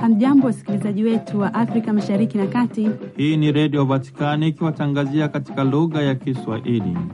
Hamjambo, wasikilizaji wetu wa Afrika mashariki na kati. Hii ni Redio Vatikani ikiwatangazia katika lugha ya Kiswahili. Mm.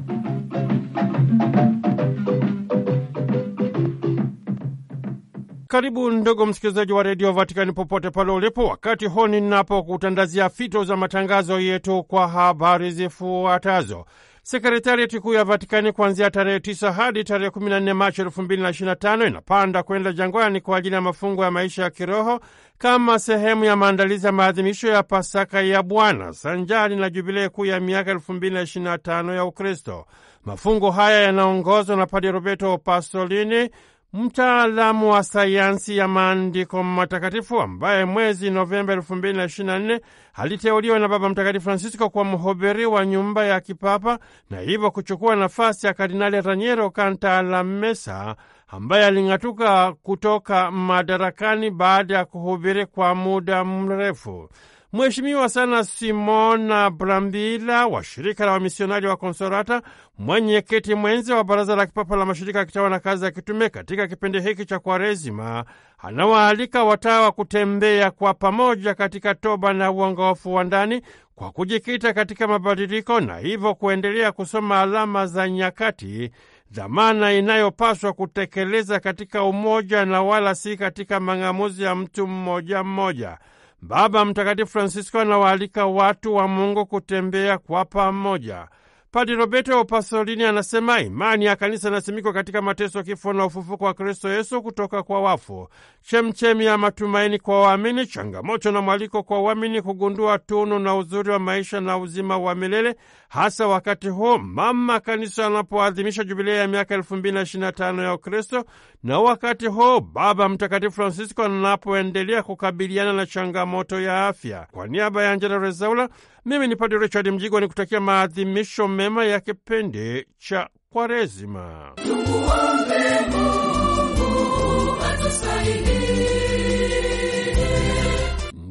Karibu ndugu msikilizaji wa redio Vatikani popote pale ulipo, wakati huu ninapokutandazia fito za matangazo yetu kwa habari zifuatazo. Sekretarieti kuu ya Vatikani kuanzia tarehe 9 hadi tarehe 14 Machi 2025 inapanda kwenda jangwani kwa ajili ya mafungo ya maisha ya kiroho kama sehemu ya maandalizi ya maadhimisho ya Pasaka ya Bwana sanjari na jubilei kuu ya miaka 2025 ya Ukristo. Mafungo haya yanaongozwa na Padre Roberto Pasolini, mtaalamu wa sayansi ya maandiko matakatifu ambaye mwezi Novemba 224 na aliteuliwa na Baba Mtakatifu Francisco kwa mhubiri wa nyumba ya kipapa na hivyo kuchukua nafasi ya Kardinali Raniero Cantalamessa ambaye aling'atuka kutoka madarakani baada ya kuhubiri kwa muda mrefu. Mheshimiwa sana Simona Brambila wa shirika la wamisionari wa mwenye mwenyekiti mwenzi wa baraza la kipapa la mashirika ya kitawa na kazi ya kitume, katika kipindi hiki cha Kwaresima anawaalika watawa kutembea kwa pamoja katika toba na uongofu wa ndani kwa kujikita katika mabadiliko na hivyo kuendelea kusoma alama za nyakati, dhamana inayopaswa kutekeleza katika umoja na wala si katika mang'amuzi ya mtu mmoja mmoja. Baba Mtakatifu Francisco anawaalika watu wa Mungu kutembea kwa pamoja padi Roberto Pasolini anasema imani ya kanisa inasimikwa katika mateso, kifo na ufufuko wa Kristo Yesu kutoka kwa wafu, chemchemi ya matumaini kwa waamini, changamoto na mwaliko kwa waamini kugundua tunu na uzuri wa maisha na uzima wa milele, hasa wakati huu mama kanisa anapoadhimisha jubilei ya miaka elfu mbili na tano ya Ukristo, na wakati huu Baba Mtakatifu Francisco anapoendelea kukabiliana na changamoto ya afya. Kwa niaba ya Angela Rezaula mimi ni Padre Richard Mjigwa ni kutakia maadhimisho mema ya kipindi cha Kwaresima.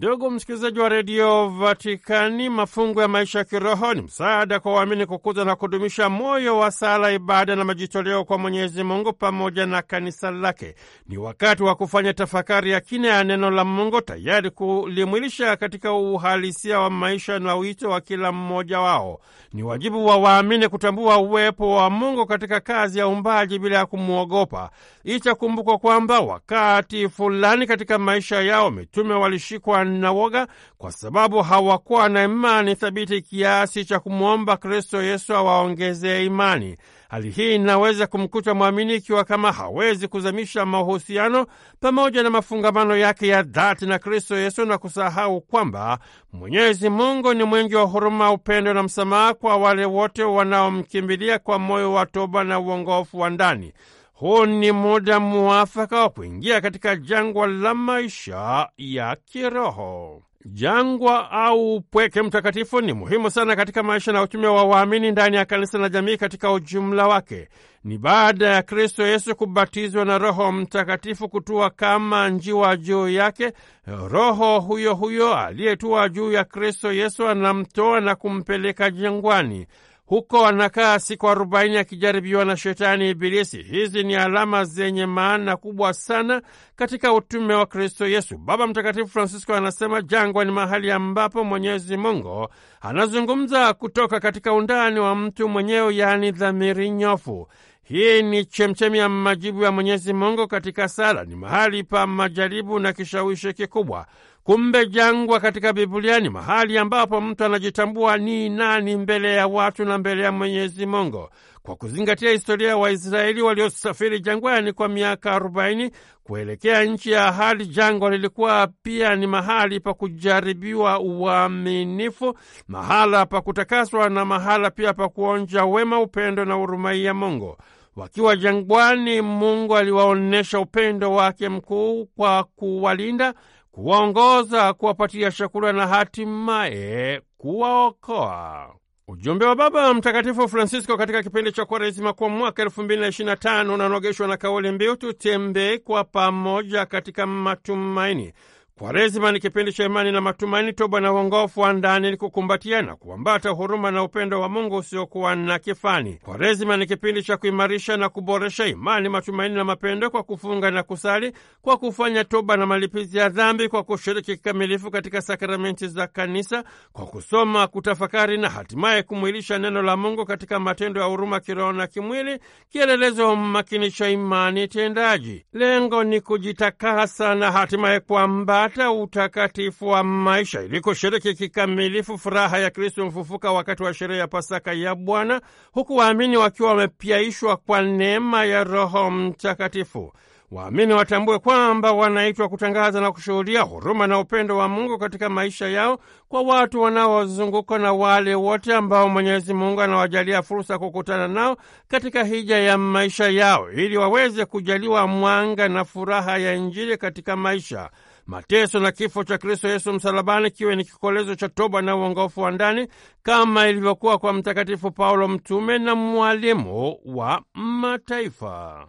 Ndugu msikilizaji wa redio Vatikani, mafungo ya maisha ya kiroho ni msaada kwa waamini kukuza na kudumisha moyo wa sala, ibada na majitoleo kwa Mwenyezi Mungu pamoja na kanisa lake. Ni wakati wa kufanya tafakari ya kina ya neno la Mungu, tayari kulimwilisha katika uhalisia wa maisha na wito wa kila mmoja wao. Ni wajibu wa waamini kutambua uwepo wa Mungu katika kazi ya umbaji bila ya kumwogopa. Itakumbukwa kwamba wakati fulani katika maisha yao mitume walishikwa na woga, kwa sababu hawakuwa na imani thabiti kiasi cha kumwomba Kristo Yesu awaongezee imani. Hali hii inaweza kumkuta mwamini ikiwa kama hawezi kuzamisha mahusiano pamoja na mafungamano yake ya dhati na Kristo Yesu na kusahau kwamba Mwenyezi Mungu ni mwingi wa huruma, upendo na msamaha kwa wale wote wanaomkimbilia kwa moyo wa toba na uongofu wa ndani. Huu ni muda muafaka wa kuingia katika jangwa la maisha ya kiroho. Jangwa au pweke mtakatifu ni muhimu sana katika maisha na utume wa waamini ndani ya kanisa na jamii katika ujumla wake. Ni baada ya Kristo Yesu kubatizwa na Roho Mtakatifu kutua kama njiwa juu yake, Roho huyo huyo aliyetua juu ya Kristo Yesu anamtoa na kumpeleka jangwani huko anakaa siku arobaini akijaribiwa na shetani Ibilisi. Hizi ni alama zenye maana kubwa sana katika utume wa Kristo Yesu. Baba Mtakatifu Francisco anasema jangwa ni mahali ambapo Mwenyezi Mungu anazungumza kutoka katika undani wa mtu mwenyewe, yaani dhamiri nyofu. Hii ni chemchemi ya majibu ya Mwenyezi Mungu katika sala, ni mahali pa majaribu na kishawishi kikubwa. Kumbe jangwa katika Biblia ni mahali ambapo mtu anajitambua ni nani mbele ya watu na mbele ya Mwenyezi Mungu. Kwa kuzingatia historia ya wa Waisraeli waliosafiri jangwani kwa miaka arobaini kuelekea nchi ya ahadi, jangwa lilikuwa pia ni mahali pa kujaribiwa uaminifu, mahala pa kutakaswa na mahala pia pa kuonja wema, upendo na huruma ya Mungu. Wakiwa jangwani, Mungu aliwaonyesha upendo wake mkuu kwa kuwalinda, kuwaongoza, kuwapatia chakula na hatimaye kuwaokoa. Ujumbe wa Baba Mtakatifu Francisco katika kipindi cha Kwaresima kwa mwaka elfu mbili na ishirini na tano unanogeshwa na kauli mbiu tutembee kwa pamoja katika matumaini. Kwaresima ni kipindi cha imani na matumaini, toba na uongofu wa ndani, ili kukumbatia na kuambata huruma na upendo wa Mungu usiokuwa na kifani. Kwaresima ni kipindi cha kuimarisha na kuboresha imani, matumaini na mapendo, kwa kufunga na kusali, kwa kufanya toba na malipizi ya dhambi, kwa kushiriki kikamilifu katika sakramenti za Kanisa, kwa kusoma, kutafakari na hatimaye kumwilisha neno la Mungu katika matendo ya huruma kiroho na kimwili, kielelezo cha imani tendaji. Lengo ni kujitakasa na hatimaye kwamba kupata utakatifu wa maisha ili kushiriki kikamilifu furaha ya Kristo mfufuka wakati wa sherehe ya Pasaka ya Bwana, huku waamini wakiwa wamepyaishwa kwa neema ya Roho Mtakatifu. Waamini watambue kwamba wanaitwa kutangaza na kushuhudia huruma na upendo wa Mungu katika maisha yao kwa watu wanaozunguka na wale wote ambao Mwenyezi Mungu anawajalia fursa kukutana nao katika hija ya maisha yao, ili waweze kujaliwa mwanga na furaha ya Injili katika maisha Mateso na kifo cha Kristo Yesu msalabani kiwe ni kikolezo cha toba na uongofu wa ndani kama ilivyokuwa kwa Mtakatifu Paulo mtume na mwalimu wa mataifa.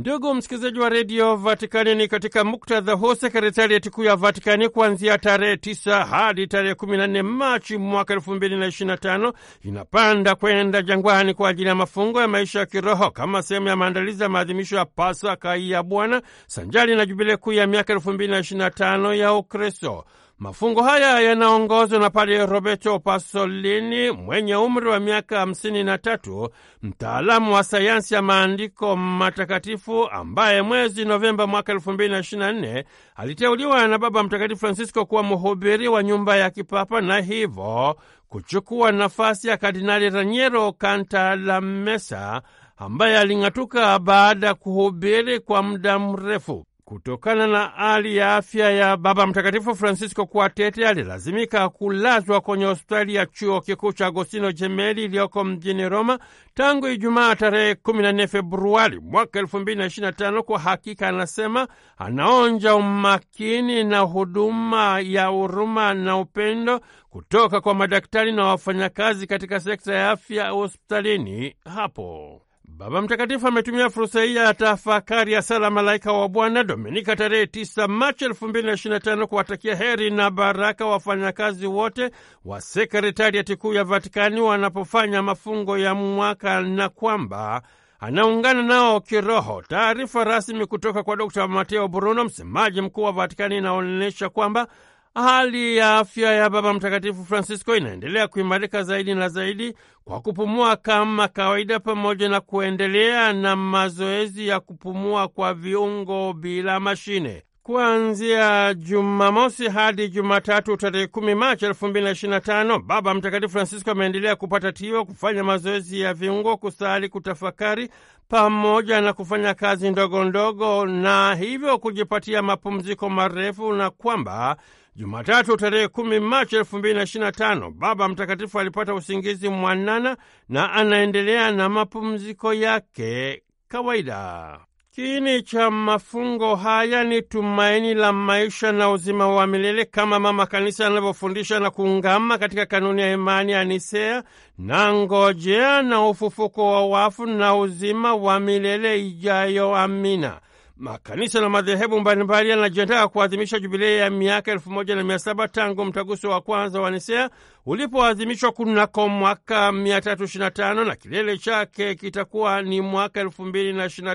Ndugu msikilizaji wa redio Vatikani, ni katika muktadha huu sekretarieti kuu ya Vatikani kuanzia tarehe 9 hadi tarehe 14 Machi mwaka 2025 inapanda kwenda jangwani kwa ajili ya mafungo ya maisha ya kiroho kama sehemu ya maandalizi ya maadhimisho ya Pasaka ya Bwana sanjari na jubile kuu ya miaka 2025 ya Ukristo. Mafungo haya yanaongozwa na Padre Roberto Pasolini mwenye umri wa miaka hamsini na tatu, mtaalamu wa sayansi ya maandiko matakatifu ambaye mwezi Novemba mwaka elfu mbili na ishirini na nne aliteuliwa na Baba Mtakatifu Francisco kuwa mhubiri wa nyumba ya kipapa na hivyo kuchukua nafasi ya Kardinali Raniero Cantalamessa ambaye aling'atuka baada ya kuhubiri kwa muda mrefu. Kutokana na hali ya afya ya Baba Mtakatifu Francisco Kuatete, alilazimika kulazwa kwenye hospitali ya chuo kikuu cha Agostino Jemeli iliyoko mjini Roma tangu Ijumaa tarehe 14 Februari mwaka 2025. Kwa hakika, anasema anaonja umakini na huduma ya huruma na upendo kutoka kwa madaktari na wafanyakazi katika sekta ya afya hospitalini hapo. Baba Mtakatifu ametumia fursa hii ya tafakari ya sala Malaika wa Bwana Dominika tarehe 9 Machi 2025 kuwatakia heri na baraka wafanyakazi wote wa sekretariati kuu ya Vatikani wanapofanya mafungo ya mwaka na kwamba anaungana nao kiroho. Taarifa rasmi kutoka kwa Dr Mateo Bruno, msemaji mkuu wa Vatikani, inaonyesha kwamba Hali ya afya ya Baba Mtakatifu Francisco inaendelea kuimarika zaidi na zaidi kwa kupumua kama kawaida, pamoja na kuendelea na mazoezi ya kupumua kwa viungo bila mashine. Kuanzia Jumamosi hadi Jumatatu tarehe kumi Machi elfu mbili na ishirini na tano Baba Mtakatifu Francisco ameendelea kupata tio, kufanya mazoezi ya viungo, kusali, kutafakari pamoja na kufanya kazi ndogo ndogo, na hivyo kujipatia mapumziko marefu, na kwamba Jumatatu tarehe kumi Machi elfu mbili na ishirini na tano Baba Mtakatifu alipata usingizi mwanana na anaendelea na mapumziko yake kawaida. Kiini cha mafungo haya ni tumaini la maisha na uzima wa milele kama Mama Kanisa anavyofundisha na kuungama katika kanuni ya imani ya Nisea na ngojea na ufufuko wa wafu na uzima wa milele ijayo. Amina. Makanisa na madhehebu mbalimbali yanajiandaa kuadhimisha jubilei ya miaka elfu moja na mia saba tangu mtaguso wa kwanza wa Nisea ulipoadhimishwa kunako mwaka 325 na kilele chake kitakuwa ni mwaka elfu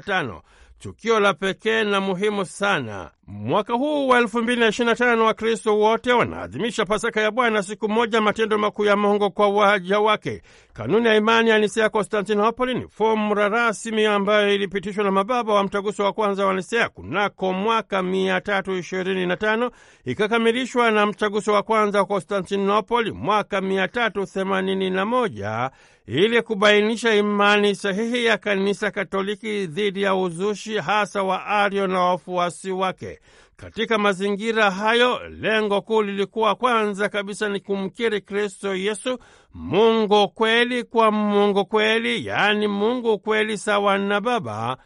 tano tukio la pekee na muhimu sana. Mwaka huu wa 2025 Wakristo wote wanaadhimisha Pasaka ya Bwana, siku moja matendo makuu ya Mungu kwa waja wake. Kanuni ya imani ya Nisea Konstantinopoli ni fomula rasmi ambayo ilipitishwa na mababa wa mtaguso wa kwanza wa Nisea kunako mwaka 325 ikakamilishwa na mtaguso wa kwanza wa Konstantinopoli mwaka 381 ili kubainisha imani sahihi ya Kanisa Katoliki dhidi ya uzushi hasa wa Ario na wafuasi wake. Katika mazingira hayo, lengo kuu lilikuwa kwanza kabisa ni kumkiri Kristo Yesu, Mungu kweli kwa Mungu kweli, yaani Mungu kweli sawa na Baba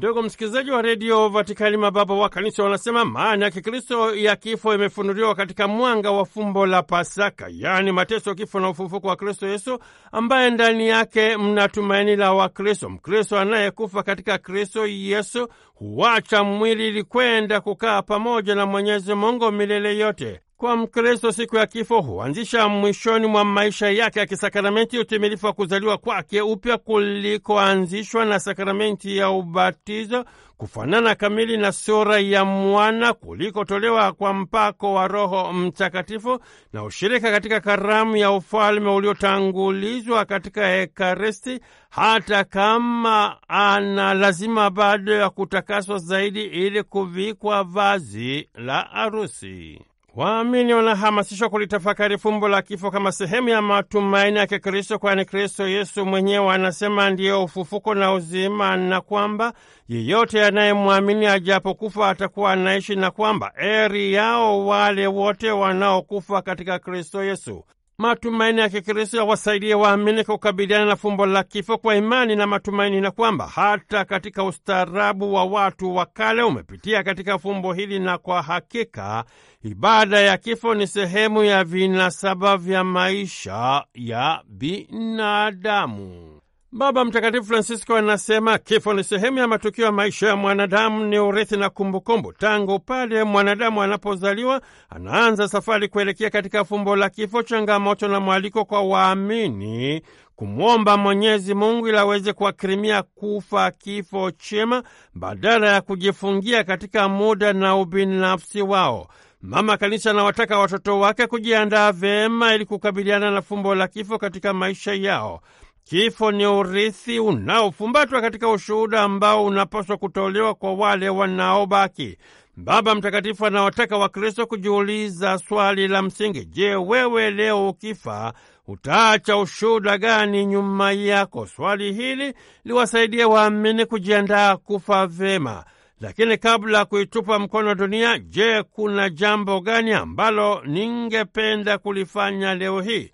Ndugu msikilizaji wa redio Vatikani, mababa wa kanisa wanasema maana ya Kikristo ya kifo imefunuliwa katika mwanga wa fumbo la Pasaka, yaani mateso, kifo na ufufuko wa Kristo Yesu, ambaye ndani yake mna tumaini la Wakristo. Mkristo anayekufa katika Kristo Yesu huacha mwili ili kwenda kukaa pamoja na Mwenyezi Mungu milele yote. Kwa Mkristo, siku ya kifo huanzisha mwishoni mwa maisha yake ya kisakramenti utimilifu wa kuzaliwa kwake upya kulikoanzishwa na sakramenti ya ubatizo, kufanana kamili na sura ya mwana kulikotolewa kwa mpako wa Roho Mtakatifu na ushirika katika karamu ya ufalme uliotangulizwa katika Ekaristi, hata kama ana lazima bado ya kutakaswa zaidi ili kuvikwa vazi la arusi. Waamini wanahamasishwa kulitafakari fumbo la kifo kama sehemu ya matumaini ya Kikristo, kwani Kristo Yesu mwenyewe anasema ndiyo ufufuko na uzima, na kwamba yeyote anayemwamini ajapokufa atakuwa anaishi, na kwamba eri yao wale wote wanaokufa katika Kristo Yesu matumaini ya Kikristo yawasaidie waamini kukabiliana na fumbo la kifo kwa imani na matumaini, na kwamba hata katika ustaarabu wa watu wa kale umepitia katika fumbo hili, na kwa hakika ibada ya kifo ni sehemu ya vinasaba vya maisha ya binadamu. Baba Mtakatifu Francisco anasema kifo ni sehemu ya matukio ya maisha ya mwanadamu, ni urithi na kumbukumbu. Tangu pale mwanadamu anapozaliwa, anaanza safari kuelekea katika fumbo la kifo, changamoto na mwaliko kwa waamini kumwomba Mwenyezi Mungu ili aweze kuwakirimia kufa kifo chema badala ya kujifungia katika muda na ubinafsi wao. Mama Kanisa anawataka watoto wake kujiandaa vyema ili kukabiliana na fumbo la kifo katika maisha yao. Kifo ni urithi unaofumbatwa katika ushuhuda ambao unapaswa kutolewa kwa wale wanaobaki. Baba Mtakatifu anawataka Wakristo kujiuliza swali la msingi: Je, wewe leo ukifa utaacha ushuhuda gani nyuma yako? Swali hili liwasaidie waamini kujiandaa kufa vyema. Lakini kabla ya kuitupa mkono dunia, je, kuna jambo gani ambalo ningependa kulifanya leo hii?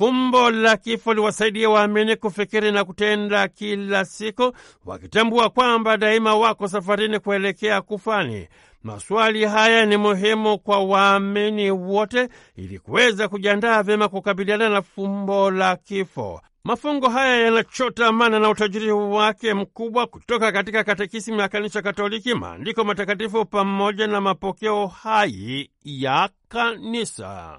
Fumbo la kifo liwasaidia waamini kufikiri na kutenda kila siku, wakitambua kwamba daima wako safarini kuelekea kufani. Maswali haya ni muhimu kwa waamini wote ili kuweza kujiandaa vyema kukabiliana na fumbo la kifo. Mafungo haya yanachota maana na utajiri wake mkubwa kutoka katika katekisimu ya Kanisa Katoliki, maandiko matakatifu pamoja na mapokeo hai ya Kanisa.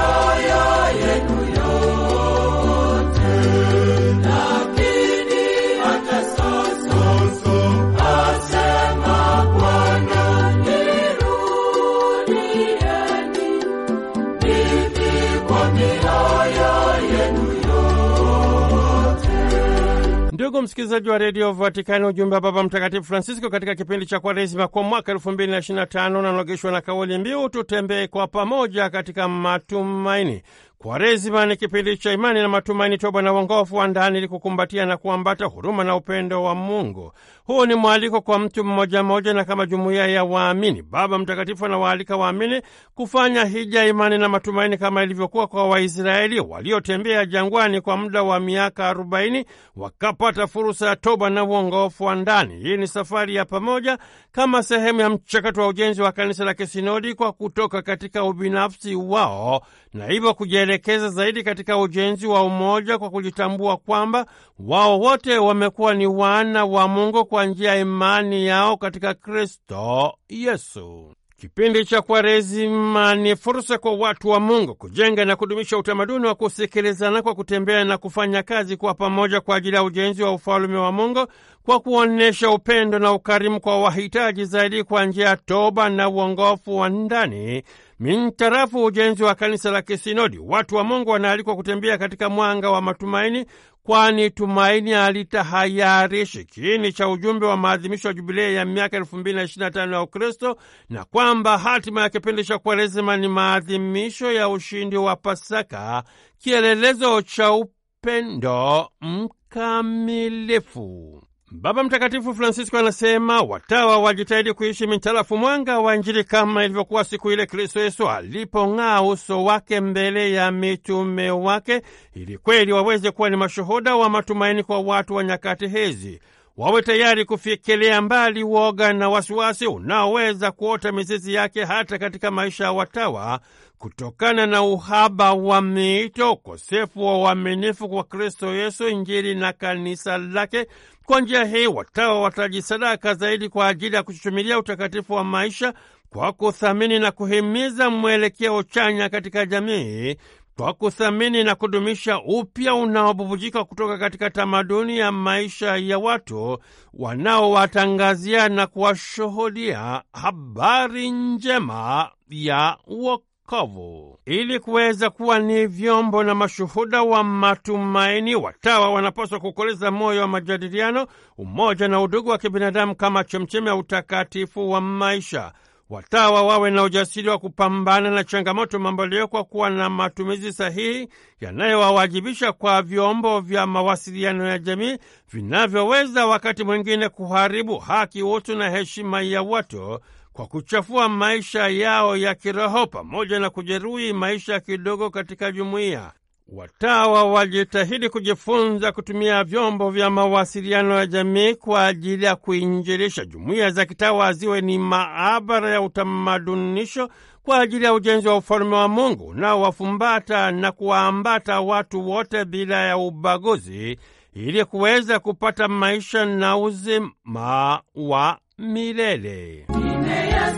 msikilizaji wa redio Vatikani, ujumbe wa Baba Mtakatifu Francisco katika kipindi cha Kwaresima kwa mwaka elfu mbili na ishirini na tano unanogeshwa na kauli mbiu tutembee kwa pamoja katika matumaini. Kwaresima ni kipindi cha imani na matumaini, toba na uongofu wa ndani, ili kukumbatia na kuambata huruma na upendo wa Mungu. Huu ni mwaliko kwa mtu mmoja mmoja na kama jumuiya ya waamini. Baba Mtakatifu anawaalika waamini kufanya hija imani na matumaini, kama ilivyokuwa kwa Waisraeli waliotembea jangwani kwa muda wa miaka arobaini, wakapata fursa ya toba na uongofu wa ndani. Hii ni safari ya pamoja kama sehemu ya mchakato wa ujenzi wa kanisa la kisinodi kwa kutoka katika ubinafsi wao na hivyo kujielekeza zaidi katika ujenzi wa umoja kwa kujitambua kwamba wao wote wamekuwa ni wana wa Mungu kwa njia ya imani yao katika Kristo Yesu. Kipindi cha Kwaresima ni fursa kwa watu wa Mungu kujenga na kudumisha utamaduni wa kusikilizana kwa kutembea na kufanya kazi kwa pamoja kwa ajili ya ujenzi wa ufalume wa Mungu kwa kuonyesha upendo na ukarimu kwa wahitaji zaidi kwa njia ya toba na uongofu wa ndani Mintarafu ujenzi wa kanisa la kisinodi, watu wa Mungu wanaalikwa kutembea katika mwanga wa matumaini, kwani tumaini halitahayarishi. Kiini cha ujumbe wa maadhimisho ya jubilei ya miaka elfu mbili na na tano ya Ukristo na kwamba hatima ya kipindi cha Kwaresima ni maadhimisho ya ushindi wa Pasaka, kielelezo cha upendo mkamilifu. Baba Mtakatifu Francisco anasema watawa wajitahidi kuishi mitarafu mwanga wa Injili kama ilivyokuwa siku ile Kristo Yesu alipong'aa uso wake mbele ya mitume wake, ili kweli waweze kuwa ni mashuhuda wa matumaini kwa watu wa nyakati hizi. Wawe tayari kufikilia mbali woga na wasiwasi unaoweza kuota mizizi yake hata katika maisha ya watawa, kutokana na uhaba wa miito, ukosefu wa uaminifu kwa Kristo Yesu, Injili na kanisa lake. Kwa njia hii watawa watajisadaka zaidi kwa ajili ya kuchuchumilia utakatifu wa maisha kwa kuthamini na kuhimiza mwelekeo chanya katika jamii kwa kuthamini na kudumisha upya unaobubujika kutoka katika tamaduni ya maisha ya watu wanaowatangazia na kuwashuhudia habari njema ya wokovu wokovu. Ili kuweza kuwa ni vyombo na mashuhuda wa matumaini, watawa wanapaswa kukoleza moyo wa majadiliano, umoja na udugu wa kibinadamu kama chemchemi ya utakatifu wa maisha. Watawa wawe na ujasiri wa kupambana na changamoto mamboleo kwa kuwa na matumizi sahihi yanayowawajibisha kwa vyombo vya mawasiliano ya jamii vinavyoweza wakati mwingine kuharibu haki, utu na heshima ya watu kwa kuchafua maisha yao ya kiroho pamoja na kujeruhi maisha kidogo katika jumuiya. Watawa wajitahidi kujifunza kutumia vyombo vya mawasiliano ya jamii kwa ajili ya kuinjilisha. Jumuiya za kitawa ziwe ni maabara ya utamadunisho kwa ajili ya ujenzi wa ufalme wa Mungu unaowafumbata na kuwaambata watu wote bila ya ubaguzi, ili kuweza kupata maisha na uzima wa milele.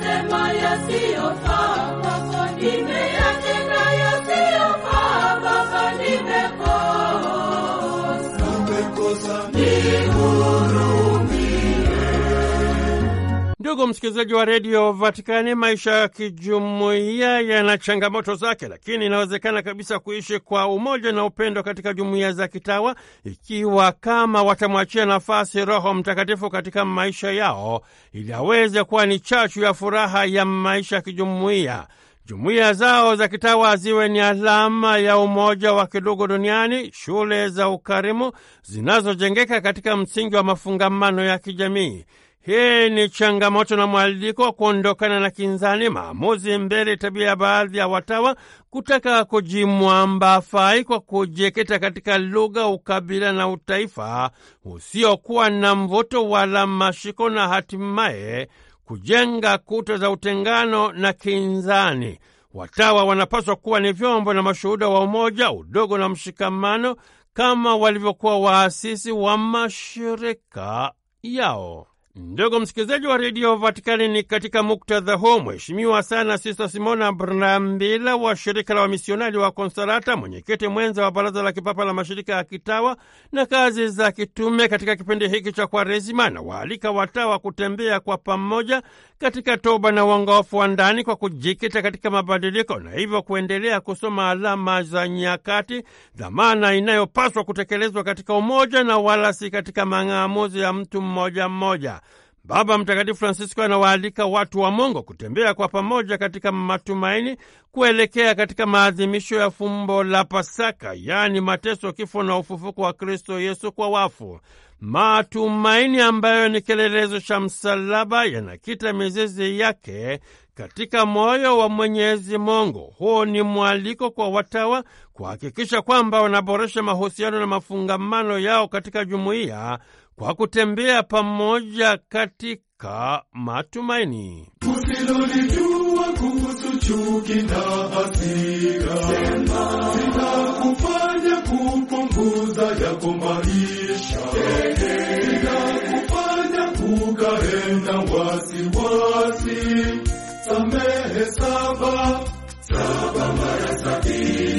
Sema yasiyofaa kwa Ndugu msikilizaji wa redio Vatikani, maisha ya kijumuiya yana changamoto zake, lakini inawezekana kabisa kuishi kwa umoja na upendo katika jumuiya za kitawa ikiwa kama watamwachia nafasi Roho Mtakatifu katika maisha yao, ili aweze kuwa ni chachu ya furaha ya maisha ya kijumuiya. Jumuiya zao za kitawa ziwe ni alama ya umoja wa kidugu duniani, shule za ukarimu zinazojengeka katika msingi wa mafungamano ya kijamii. Hii ni changamoto na mwaliko kuondokana na kinzani, maamuzi mbele, tabia ya baadhi ya watawa kutaka kujimwamba fai kwa kujeketa katika lugha, ukabila na utaifa usiokuwa na mvuto wala mashiko, na hatimaye kujenga kuta za utengano na kinzani. Watawa wanapaswa kuwa ni vyombo na mashuhuda wa umoja, udogo na mshikamano, kama walivyokuwa waasisi wa mashirika yao. Ndugu msikilizaji wa redio Vatikani, ni katika muktadha huo mheshimiwa sana Sista Simona Brambila wa shirika la wamisionari wa konsarata mwenyekiti mwenza wa baraza la kipapa la mashirika ya kitawa na kazi za kitume katika kipindi hiki cha Kwaresima, na waalika watawa kutembea kwa pamoja katika toba na uongofu wa ndani kwa kujikita katika mabadiliko na hivyo kuendelea kusoma alama za nyakati, dhamana inayopaswa kutekelezwa katika umoja na wala si katika mang'amuzi ya mtu mmoja mmoja. Baba Mtakatifu Francisco anawaalika watu wa Mungu kutembea kwa pamoja katika matumaini kuelekea katika maadhimisho ya fumbo la Pasaka, yaani mateso, kifo na ufufuko wa Kristo Yesu kwa wafu. Matumaini ambayo ni kielelezo cha msalaba yanakita mizizi yake katika moyo wa Mwenyezi Mungu. Huu ni mwaliko kwa watawa kuhakikisha kwamba wanaboresha mahusiano na mafungamano yao katika jumuiya kwa kutembea pamoja katika matumaini. Usilolijua kuhusu chuki na hasira zinakufanya kupunguza yako maisha, zinakufanya kukae wasiwasi. Samehe saba saba mara sabini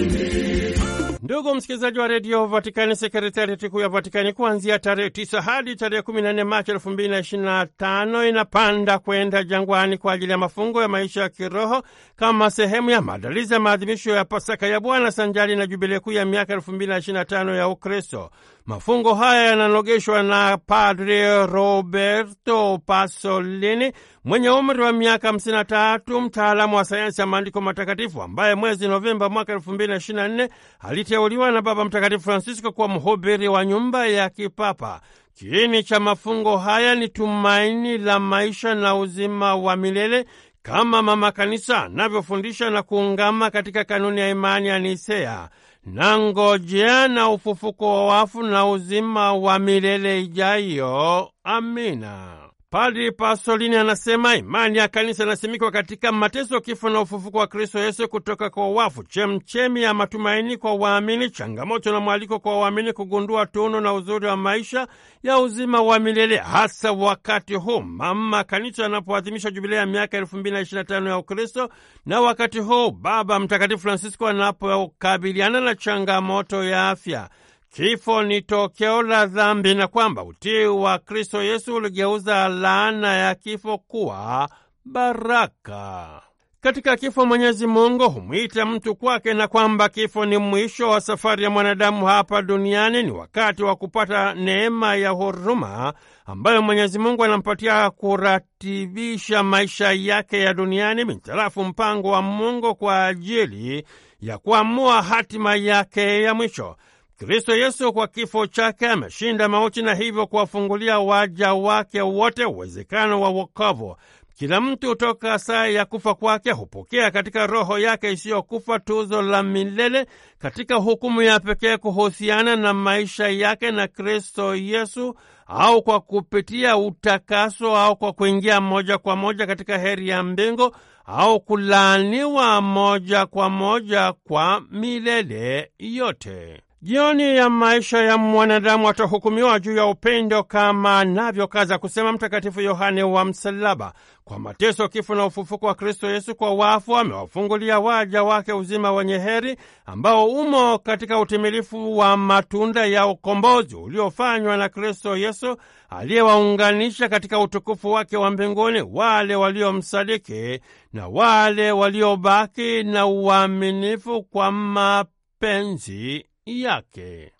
Ndugu msikilizaji wa redio Vatikani, sekretarieti kuu ya Vatikani kuanzia tarehe tisa hadi tarehe kumi na nne Machi elfu mbili na ishirini na tano inapanda kwenda jangwani kwa ajili ya mafungo ya maisha ya kiroho kama sehemu ya maandalizi ya maadhimisho ya Pasaka ya Bwana sanjari na jubilee kuu ya miaka elfu mbili na ishirini na tano ya Ukristo. Mafungo haya yananogeshwa na Padre Roberto Pasolini mwenye umri wa miaka 53, mtaalamu wa sayansi ya maandiko matakatifu ambaye mwezi Novemba mwaka 2024 aliteuliwa na Baba Mtakatifu Francisco kuwa mhubiri wa nyumba ya kipapa. Kiini cha mafungo haya ni tumaini la maisha na uzima wa milele kama Mama Kanisa anavyofundisha na kuungama katika kanuni ya imani ya Nisea na ngojea na ufufuko wa wafu na uzima wa milele ijayo. Amina. Padri Pasolini anasema imani ya kanisa inasimikwa katika mateso, kifo na ufufuko wa Kristo Yesu kutoka kwa wafu, chemchemi ya matumaini kwa waamini, changamoto na mwaliko kwa waamini kugundua tunu na uzuri wa maisha ya uzima wa milele, hasa wakati huu mama kanisa anapoadhimisha jubilei ya miaka 2025 ya Ukristo, na wakati huu Baba Mtakatifu Francisco anapokabiliana na changamoto ya afya kifo ni tokeo la dhambi na kwamba utii wa Kristo Yesu uligeuza laana ya kifo kuwa baraka. Katika kifo Mwenyezi Mungu humwita mtu kwake, na kwamba kifo ni mwisho wa safari ya mwanadamu hapa duniani. Ni wakati wa kupata neema ya huruma ambayo Mwenyezi Mungu anampatia kuratibisha maisha yake ya duniani mintarafu mpango wa Mungu kwa ajili ya kuamua hatima yake ya mwisho. Kristo Yesu kwa kifo chake ameshinda mauti na hivyo kuwafungulia waja wake wote uwezekano wa wokovu. Kila mtu toka saa ya kufa kwake hupokea katika roho yake isiyokufa tuzo la milele katika hukumu ya pekee kuhusiana na maisha yake na Kristo Yesu, au kwa kupitia utakaso au kwa kuingia moja kwa moja katika heri ya mbingu au kulaaniwa moja kwa moja kwa milele yote. Jioni ya maisha ya mwanadamu atahukumiwa juu ya upendo kama anavyokaza kusema Mtakatifu Yohane wa Msalaba. Kwa mateso, kifo na ufufuko wa Kristo Yesu kwa wafu, amewafungulia waja wake uzima wenye heri ambao umo katika utimilifu wa matunda ya ukombozi uliofanywa na Kristo Yesu aliyewaunganisha katika utukufu wake wa mbinguni wale waliomsadiki na wale waliobaki na uaminifu kwa mapenzi yake.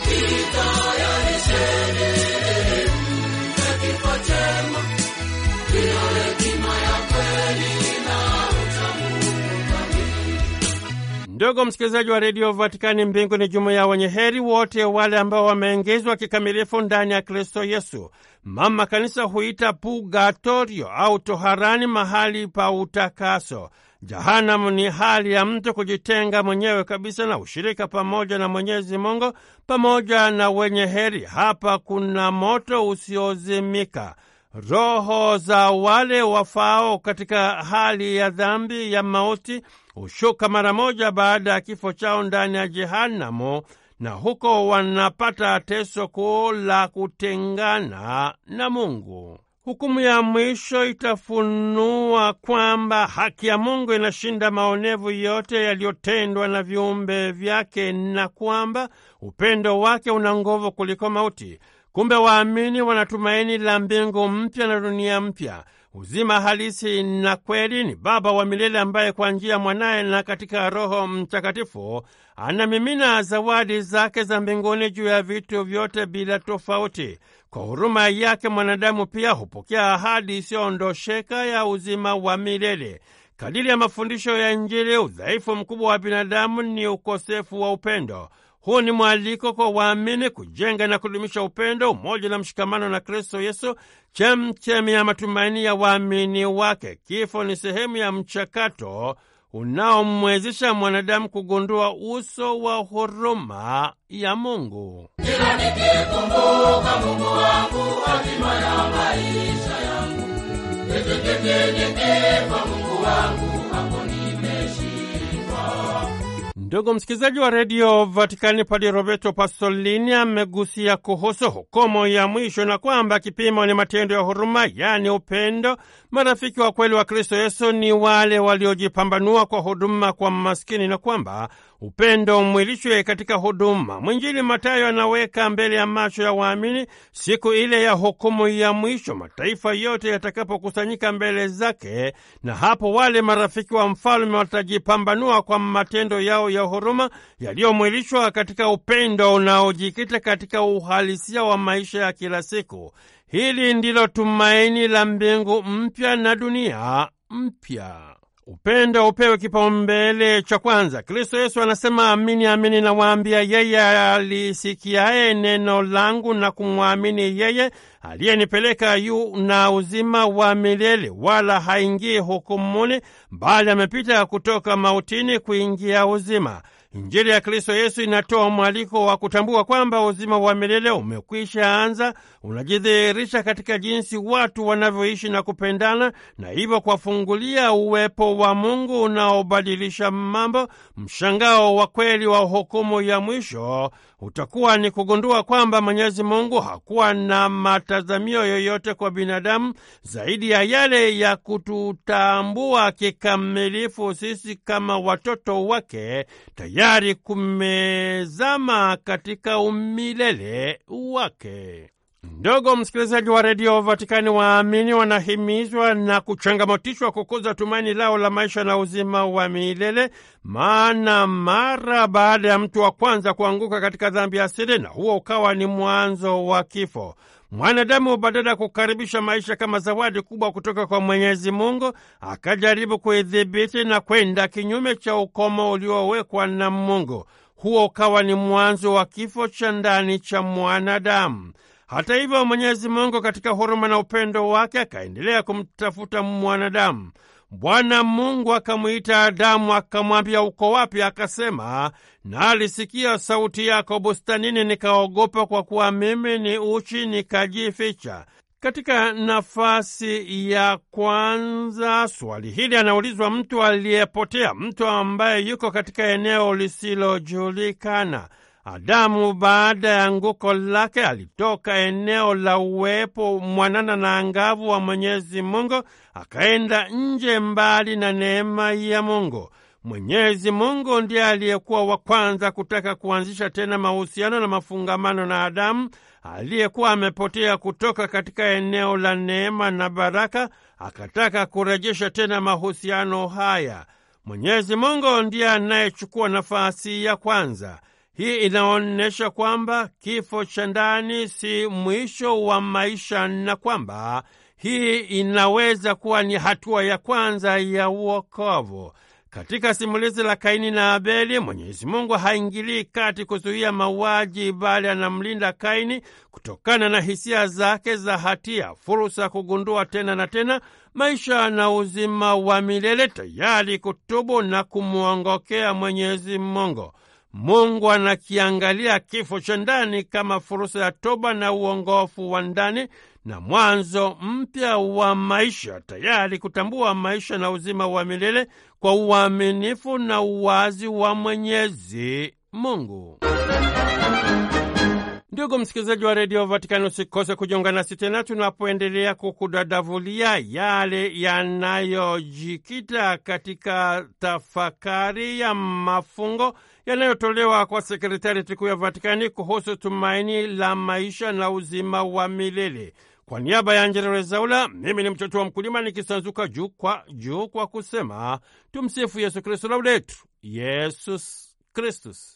Ndugu msikilizaji wa redio Vatikani, ni jumuiya wenye heri wote wale ambao wameengezwa kikamilifu ndani ya Kristo Yesu. Mama Kanisa huita pugatorio au toharani, mahali pa utakaso. Jahanamu ni hali ya mtu kujitenga mwenyewe kabisa na ushirika pamoja na Mwenyezi Mungu pamoja na wenye heri. Hapa kuna moto usiozimika. Roho za wale wafao katika hali ya dhambi ya mauti hushuka mara moja baada ya kifo chao ndani ya jehanamu, na huko wanapata teso kuu la kutengana na Mungu. Hukumu ya mwisho itafunua kwamba haki ya Mungu inashinda maonevu yote yaliyotendwa na viumbe vyake na kwamba upendo wake una nguvu kuliko mauti. Kumbe waamini wanatumaini la mbingu mpya na dunia mpya. Uzima halisi na kweli ni Baba wa milele ambaye kwa njia mwanaye na katika Roho Mtakatifu anamimina zawadi zake za mbinguni juu ya vitu vyote bila tofauti. Kwa huruma yake mwanadamu pia hupokea ahadi isiyoondosheka ya uzima wa milele. Kadiri ya mafundisho ya Injili, udhaifu mkubwa wa binadamu ni ukosefu wa upendo. Huu ni mwaliko kwa waamini kujenga na kudumisha upendo, umoja na mshikamano na Kristo Yesu, chemchemi ya matumaini ya waamini wake. Kifo ni sehemu ya mchakato unaomwezesha mwanadamu kugundua uso wa huruma ya Mungu. Kila nikikumbuka Mungu wangu, hatima ya maisha yangu, nitikitike kwa Mungu wangu Ndugu msikilizaji wa redio Vatikani, Padi Roberto Pasolini amegusia kuhusu hukumu ya mwisho na kwamba kipimo ni matendo ya huruma, yaani upendo. Marafiki wa kweli wa Kristo Yesu ni wale waliojipambanua kwa huduma kwa maskini na kwamba Upendo umwilishwe katika huduma. Mwinjili Matayo anaweka mbele ya macho ya waamini siku ile ya hukumu ya mwisho, mataifa yote yatakapokusanyika mbele zake, na hapo wale marafiki wa mfalume watajipambanua kwa matendo yao ya huruma yaliyomwilishwa katika upendo unaojikita katika uhalisia wa maisha ya kila siku. Hili ndilo tumaini la mbingu mpya na dunia mpya. Upendo upewe kipaumbele cha kwanza. Kristo Yesu anasema, amini amini nawaambia, yeye alisikiaye neno langu na kumwamini yeye aliyenipeleka yu na uzima wa milele, wala haingii hukumuni, bali amepita kutoka mautini kuingia uzima. Injili ya Kristo Yesu inatoa mwaliko wa kutambua kwamba uzima wa milele umekwisha anza, unajidhihirisha katika jinsi watu wanavyoishi na kupendana, na hivyo kuwafungulia uwepo wa Mungu unaobadilisha mambo. Mshangao wa kweli wa hukumu ya mwisho utakuwa ni kugundua kwamba Mwenyezi Mungu hakuwa na matazamio yoyote kwa binadamu zaidi ya yale ya kututambua kikamilifu sisi kama watoto wake tayari tayari kumezama katika umilele wake. Ndogo msikilizaji wa redio Vatikani, waamini wanahimizwa na kuchangamotishwa kukuza tumaini lao la maisha na uzima wa milele, maana mara baada ya mtu wa kwanza kuanguka katika dhambi ya asili, na huo ukawa ni mwanzo wa kifo. Mwanadamu badala ya kukaribisha maisha kama zawadi kubwa kutoka kwa Mwenyezi Mungu, akajaribu kuidhibiti na kwenda kinyume cha ukomo uliowekwa na Mungu. Huo ukawa ni mwanzo wa kifo cha ndani cha mwanadamu. Hata hivyo, Mwenyezi Mungu katika huruma na upendo wake akaendelea kumtafuta mwanadamu. Bwana Mungu akamwita Adamu akamwambia, uko wapi? Akasema, nalisikia sauti yako bustanini, nikaogopa, kwa kuwa mimi ni uchi, nikajificha. Katika nafasi ya kwanza, swali hili anaulizwa mtu aliyepotea, mtu ambaye yuko katika eneo lisilojulikana. Adamu baada ya nguko lake alitoka eneo la uwepo mwanana na angavu wa Mwenyezi Mungu akaenda nje mbali na neema ya Mungu. Mwenyezi Mungu ndiye aliyekuwa wa kwanza kutaka kuanzisha tena mahusiano na mafungamano na Adamu aliyekuwa amepotea kutoka katika eneo la neema na baraka, akataka kurejesha tena mahusiano haya. Mwenyezi Mungu ndiye anayechukua nafasi ya kwanza. Hii inaonyesha kwamba kifo cha ndani si mwisho wa maisha na kwamba hii inaweza kuwa ni hatua ya kwanza ya uokovu. Katika simulizi la Kaini na Abeli, Mwenyezi Mungu haingilii kati kuzuia mauaji, bali anamlinda Kaini kutokana na hisia zake za hatia, fursa ya kugundua tena na tena maisha na uzima wa milele, tayari kutubu na kumwongokea Mwenyezi Mungu. Mungu anakiangalia kifo cha ndani kama fursa ya toba na uongofu wa ndani na mwanzo mpya wa maisha, tayari kutambua maisha na uzima wa milele kwa uaminifu na uwazi wa Mwenyezi Mungu. Ndugu msikilizaji wa redio Vatikani, usikose kujiunga nasi tena tunapoendelea kukudadavulia yale yanayojikita katika tafakari ya mafungo yanayotolewa kwa sekretarieti kuu ya Vatikani kuhusu tumaini la maisha na uzima wa milele. Kwa niaba ya Angela Rezaula, mimi ni mtoto wa mkulima nikisanzuka juu kwa juu kwa kusema tumsifu Yesu Kristu, laudetu Yesus Kristus.